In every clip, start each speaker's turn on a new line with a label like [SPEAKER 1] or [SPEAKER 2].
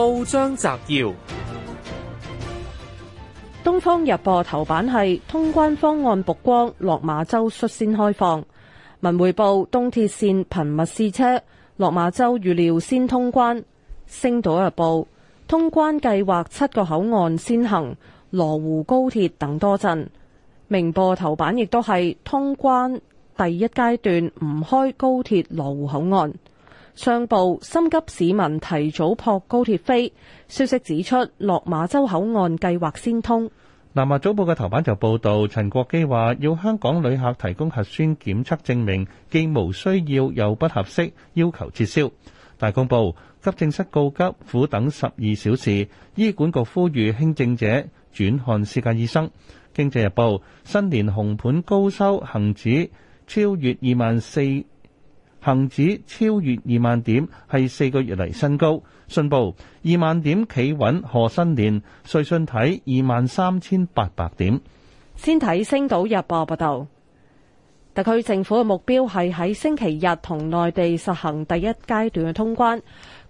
[SPEAKER 1] 報章摘要：東方日報頭版係通關方案曝光，落馬洲率先開放。文匯報：東鐵線頻密試車，落馬洲預料先通關。星島日報：通關計劃七個口岸先行，羅湖高鐵等多陣。明報頭版亦都係通關第一階段唔開高鐵羅湖口岸。商報，心急市民提早撲高鐵飛，消息指出落馬洲口岸計劃先通。
[SPEAKER 2] 南華早報嘅頭版就報導，陳國基話要香港旅客提供核酸檢測證明，既無需要又不合適，要求撤銷。大公報，急症室告急，苦等十二小時，醫管局呼籲輕症者轉看私家醫生。經濟日報，新年紅盤高收，恒指超越二萬四。恒指超越二萬點，係四個月嚟新高。信報二萬點企穩，賀新年。瑞信睇二萬三千八百點。
[SPEAKER 1] 先睇《星島日報》報道，特區政府嘅目標係喺星期日同內地實行第一階段嘅通關。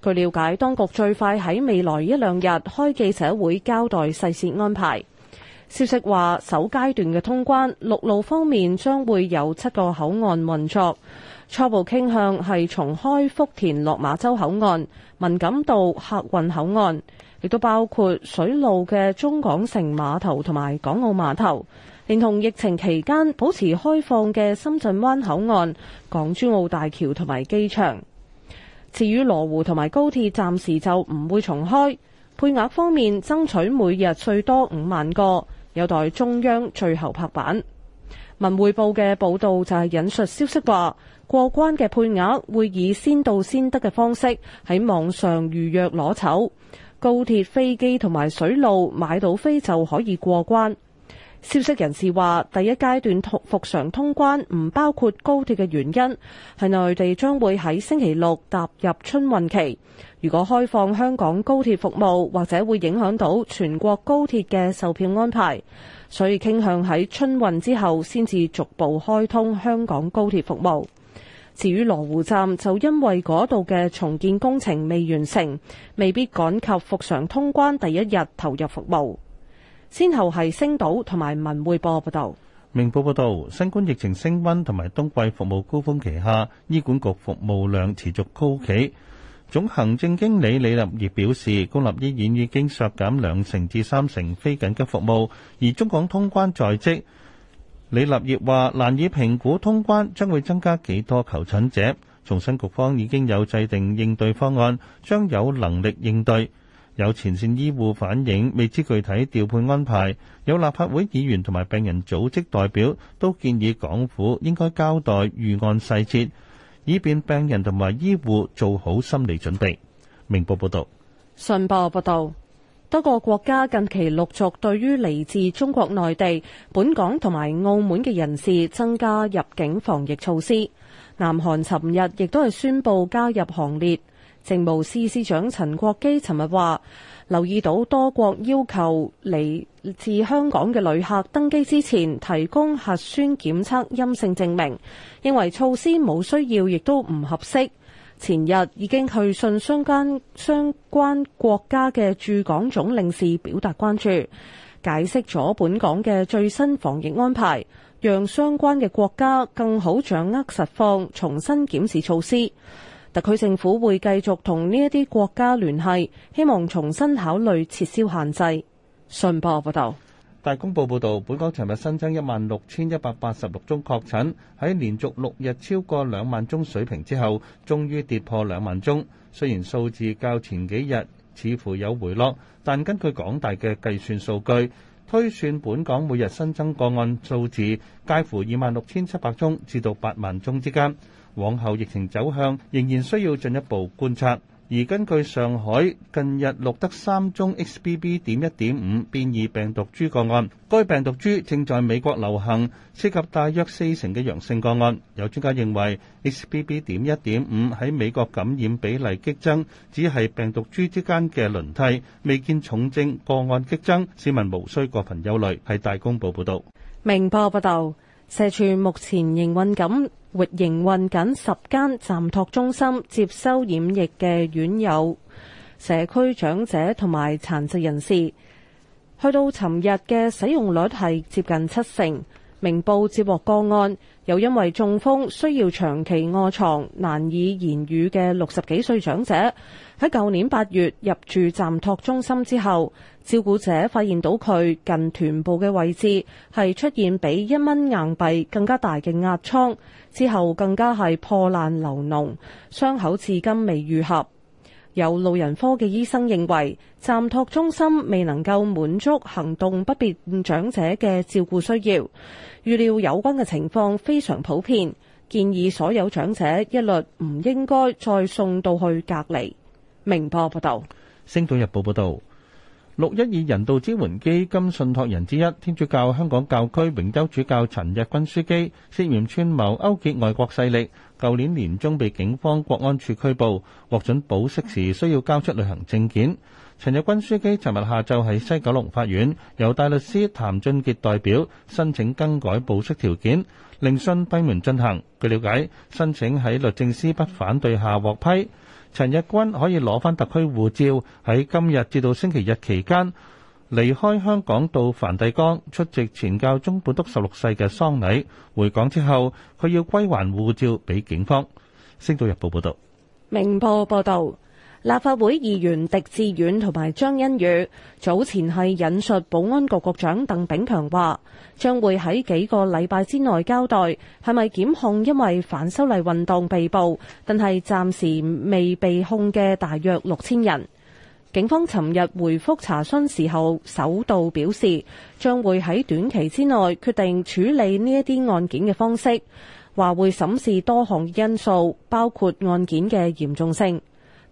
[SPEAKER 1] 據了解，當局最快喺未來一兩日開記者會，交代細節安排。消息話，首階段嘅通關陸路方面將會有七個口岸運作。初步傾向係重開福田落馬洲口岸、文錦渡客運口岸，亦都包括水路嘅中港城碼頭同埋港澳碼頭，連同疫情期間保持開放嘅深圳灣口岸、港珠澳大橋同埋機場。至於羅湖同埋高鐵，暫時就唔會重開。配額方面，爭取每日最多五萬個，有待中央最後拍板。文匯報嘅報導就係引述消息話。過關嘅配額會以先到先得嘅方式喺網上預約攞籌，高鐵、飛機同埋水路買到飛就可以過關。消息人士話，第一階段復常通關唔包括高鐵嘅原因係內地將會喺星期六踏入春運期，如果開放香港高鐵服務或者會影響到全國高鐵嘅售票安排，所以傾向喺春運之後先至逐步開通香港高鐵服務。至於羅湖站，就因為嗰度嘅重建工程未完成，未必趕及復常通關第一日投
[SPEAKER 2] 入服務。李立業話：難以評估通關將會增加幾多求診者，重申局方已經有制定應對方案，將有能力應對。有前線醫護反映未知具體調配安排，有立法會議員同埋病人組織代表都建議港府應該交代預案細節，以便病人同埋醫護做好心理準備。明報報道。
[SPEAKER 1] 信多個國家近期陸續對於嚟自中國內地、本港同埋澳門嘅人士增加入境防疫措施。南韓尋日亦都係宣布加入行列。政務司司長陳國基尋日話，留意到多國要求嚟自香港嘅旅客登機之前提供核酸檢測陰性證明，認為措施冇需要亦都唔合適。前日已經去信相關相關國家嘅駐港總領事表達關注，解釋咗本港嘅最新防疫安排，讓相關嘅國家更好掌握實況，重新檢視措施。特區政府會繼續同呢一啲國家聯繫，希望重新考慮撤銷限制。信報報道。
[SPEAKER 2] 大公報報導，本港尋日新增一萬六千一百八十六宗確診，喺連續六日超過兩萬宗水平之後，終於跌破兩萬宗。雖然數字較前幾日似乎有回落，但根據港大嘅計算數據推算，本港每日新增個案數字介乎二萬六千七百宗至到八萬宗之間。往後疫情走向仍然需要進一步觀察。而根據上海近日錄得三宗 XBB.1.5 變異病毒株個案，該病毒株正在美國流行，涉及大約四成嘅陽性個案。有專家認為，XBB.1.5 喺美國感染比例激增，只係病毒株之間嘅輪替，未見重症個案激增，市民無需過分憂慮。係大公報報道。
[SPEAKER 1] 明報報道，社署目前營運緊。活營運緊十間暫托中心，接收染疫嘅院友、社區長者同埋殘疾人士，去到尋日嘅使用率係接近七成。明報接獲個案，又因為中風需要長期臥床、難以言語嘅六十幾歲長者，喺舊年八月入住暫托中心之後，照顧者發現到佢近臀部嘅位置係出現比一蚊硬幣更加大嘅壓瘡，之後更加係破爛流膿，傷口至今未愈合。有老人科嘅醫生認為，暫托中心未能夠滿足行動不便長者嘅照顧需要，預料有關嘅情況非常普遍，建議所有長者一律唔應該再送到去隔離。明報報道。
[SPEAKER 2] 星島日報報導。六一二人道支援基金信託人之一，天主教香港教區榮休主教陳日君樞機涉嫌串謀勾結外國勢力，舊年年中被警方國安處拘捕，獲准保釋時需要交出旅行證件。陳日君樞機尋日下晝喺西九龍法院，由大律師譚俊傑代表申請更改保釋條件，聆訊閉門進行。據瞭解，申請喺律政司不反對下獲批。陳日君可以攞翻特區護照，喺今日至到星期日期間離開香港到梵蒂岡，出席前教宗本篤十六世嘅喪禮。回港之後，佢要歸還護照俾警方。星島日報報道，
[SPEAKER 1] 明報報道。立法會議員狄志遠同埋張欣宇早前係引述保安局局長鄧炳強話，將會喺幾個禮拜之內交代係咪檢控，因為反修例運動被捕，但係暫時未被控嘅大約六千人。警方尋日回覆查詢時候，首度表示將會喺短期之內決定處理呢一啲案件嘅方式，話會審視多項因素，包括案件嘅嚴重性。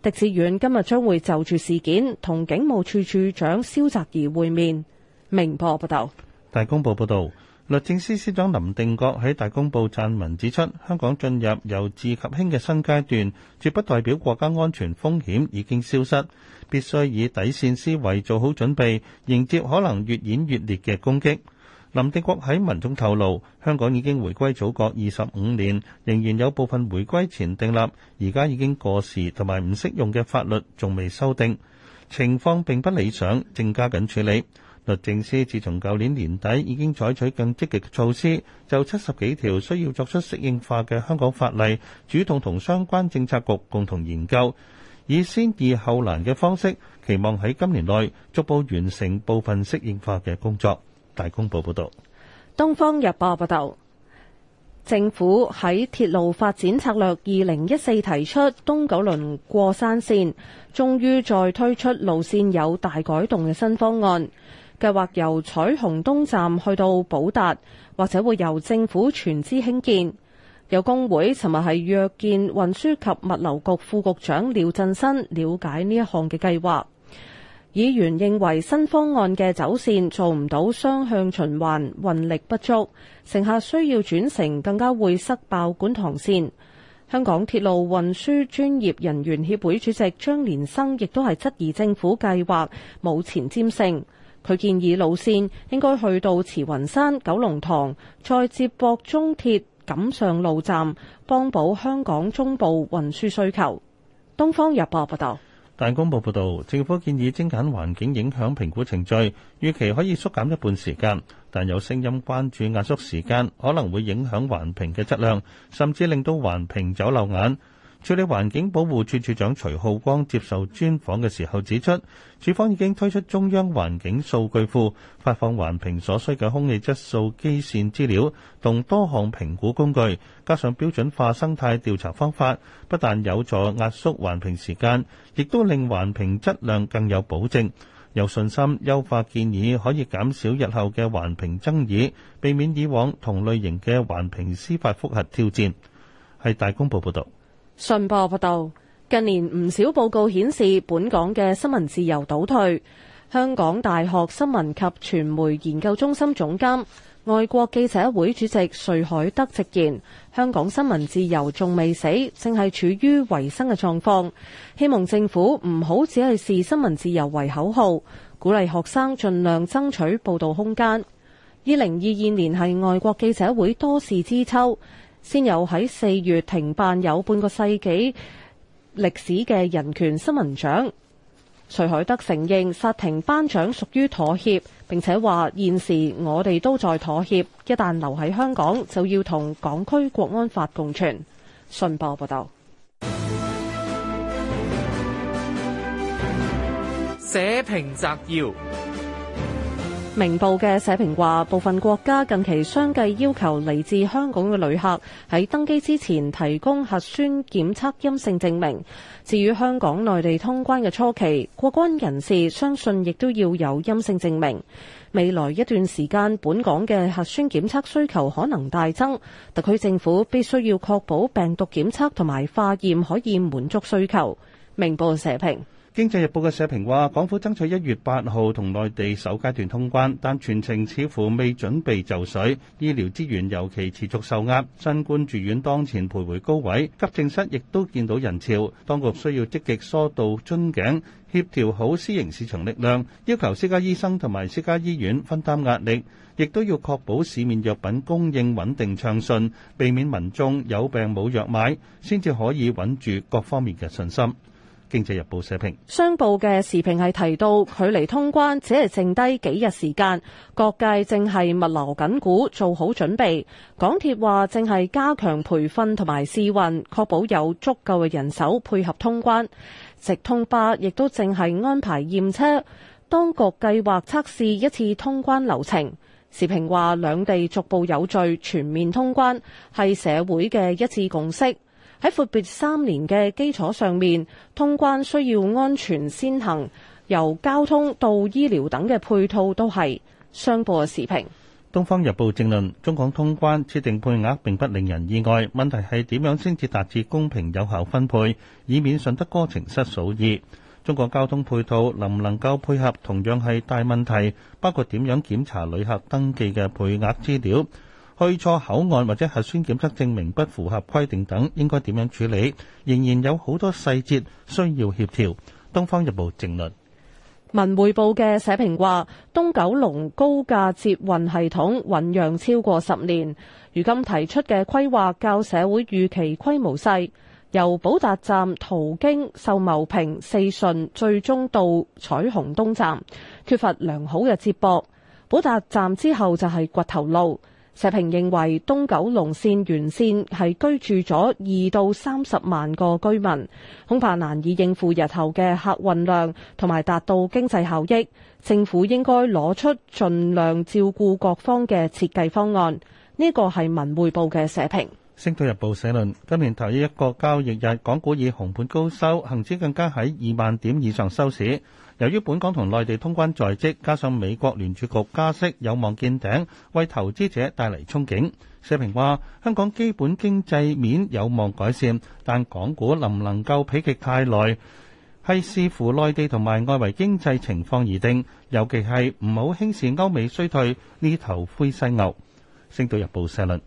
[SPEAKER 1] 狄志遠今日將會就住事件同警務處處長蕭澤頤會面。明報報道。
[SPEAKER 2] 大公報報道，律政司司長林定國喺大公報撰文指出，香港進入由治及興嘅新階段，絕不代表國家安全風險已經消失，必須以底線思維做好準備，迎接可能越演越烈嘅攻擊。林定國喺文中透露，香港已經回歸祖國二十五年，仍然有部分回歸前訂立而家已經過時同埋唔適用嘅法律，仲未修訂，情況並不理想，正加緊處理。律政司自從舊年年底已經採取更積極嘅措施，就七十幾條需要作出適應化嘅香港法例，主動同相關政策局共同研究，以先易後難嘅方式，期望喺今年內逐步完成部分適應化嘅工作。大公報報道，
[SPEAKER 1] 東方日報報道，政府喺鐵路發展策略二零一四提出東九龍過山線，終於再推出路線有大改動嘅新方案，計劃由彩虹東站去到寶達，或者會由政府全資興建。有工會尋日係約見運輸及物流局副局長廖振新，了解呢一項嘅計劃。議員認為新方案嘅走線做唔到雙向循環，運力不足，乘客需要轉乘更加會塞爆觀塘線。香港鐵路運輸專業人員協會主席張連生亦都係質疑政府計劃冇前瞻性，佢建議路線應該去到慈雲山、九龍塘，再接駁中鐵錦上路站，幫補香港中部運輸需求。東方日報報道。
[SPEAKER 2] 大公報報導，政府建議精簡環境影響評估程序，預期可以縮減一半時間，但有聲音關注壓縮時間，可能會影響環評嘅質量，甚至令到環評走漏眼。助理環境保護署署長徐浩光接受專訪嘅時候指出，署方已經推出中央環境數據庫，發放環評所需嘅空氣質素基線資料同多項評估工具，加上標準化生態調查方法，不但有助壓縮環評時間，亦都令環評質量更有保證，有信心優化建議可以減少日後嘅環評爭議，避免以往同類型嘅環評司法覆核挑戰。係大公報報道。
[SPEAKER 1] 信報報道，近年唔少報告顯示，本港嘅新聞自由倒退。香港大學新聞及傳媒研究中心總監、外國記者會主席瑞海德直言：香港新聞自由仲未死，正係處於維生嘅狀況。希望政府唔好只係視新聞自由為口號，鼓勵學生盡量爭取報道空間。二零二二年係外國記者會多事之秋。先有喺四月停辦有半個世紀歷史嘅人權新聞獎，徐海德承認煞停頒獎屬於妥協，并且話現時我哋都在妥協，一旦留喺香港就要同港區國安法共存。信報報道，社評
[SPEAKER 2] 摘要。
[SPEAKER 1] 明報嘅社評話，部分國家近期相繼要求嚟自香港嘅旅客喺登機之前提供核酸檢測陰性證明。至於香港內地通關嘅初期，過關人士相信亦都要有陰性證明。未來一段時間，本港嘅核酸檢測需求可能大增，特區政府必須要確保病毒檢測同埋化驗可以滿足需求。明報社評。
[SPEAKER 2] 經濟日報嘅社評話，港府爭取1月8《經濟日報》社評，
[SPEAKER 1] 商報嘅時評係提到，距離通關只係剩低幾日時間，各界正係密鑼緊鼓做好準備。港鐵話正係加強培訓同埋試運，確保有足夠嘅人手配合通關。直通巴亦都正係安排驗車，當局計劃測試一次通關流程。時評話，兩地逐步有序全面通關係社會嘅一致共識。喺闊別三年嘅基礎上面，通關需要安全先行，由交通到醫療等嘅配套都係商報時評。
[SPEAKER 2] 《東方日報》正論：中港通關設定配額並不令人意外，問題係點樣先至達至公平有效分配，以免順得哥情失嫂意。中國交通配套能唔能夠配合，同樣係大問題。包括點樣檢查旅客登記嘅配額資料。去錯口岸或者核酸檢測證,證明不符合規定等，應該點樣處理？仍然有好多細節需要協調。《東方日報》正論
[SPEAKER 1] 文匯報嘅社評話：東九龍高架捷運系統醞釀超過十年，如今提出嘅規劃較社會預期規模細，由寶達站途經秀茂坪、四順，最終到彩虹東站，缺乏良好嘅接駁。寶達站之後就係掘頭路。社評認為東九龍線沿線係居住咗二到三十萬個居民，恐怕難以應付日後嘅客運量同埋達到經濟效益。政府應該攞出盡量照顧各方嘅設計方案。呢個係文匯報嘅社評。
[SPEAKER 2] 星島日報社論：今年頭一個交易日，港股以紅盤高收，恆指更加喺二萬點以上收市。由於本港同內地通關在即，加上美國聯儲局加息有望見頂，為投資者帶嚟憧憬。社評話：香港基本經濟面有望改善，但港股能唔能夠否極泰來，係視乎內地同埋外圍經濟情況而定。尤其係唔好輕視歐美衰退呢頭灰犀牛。星島日報社論。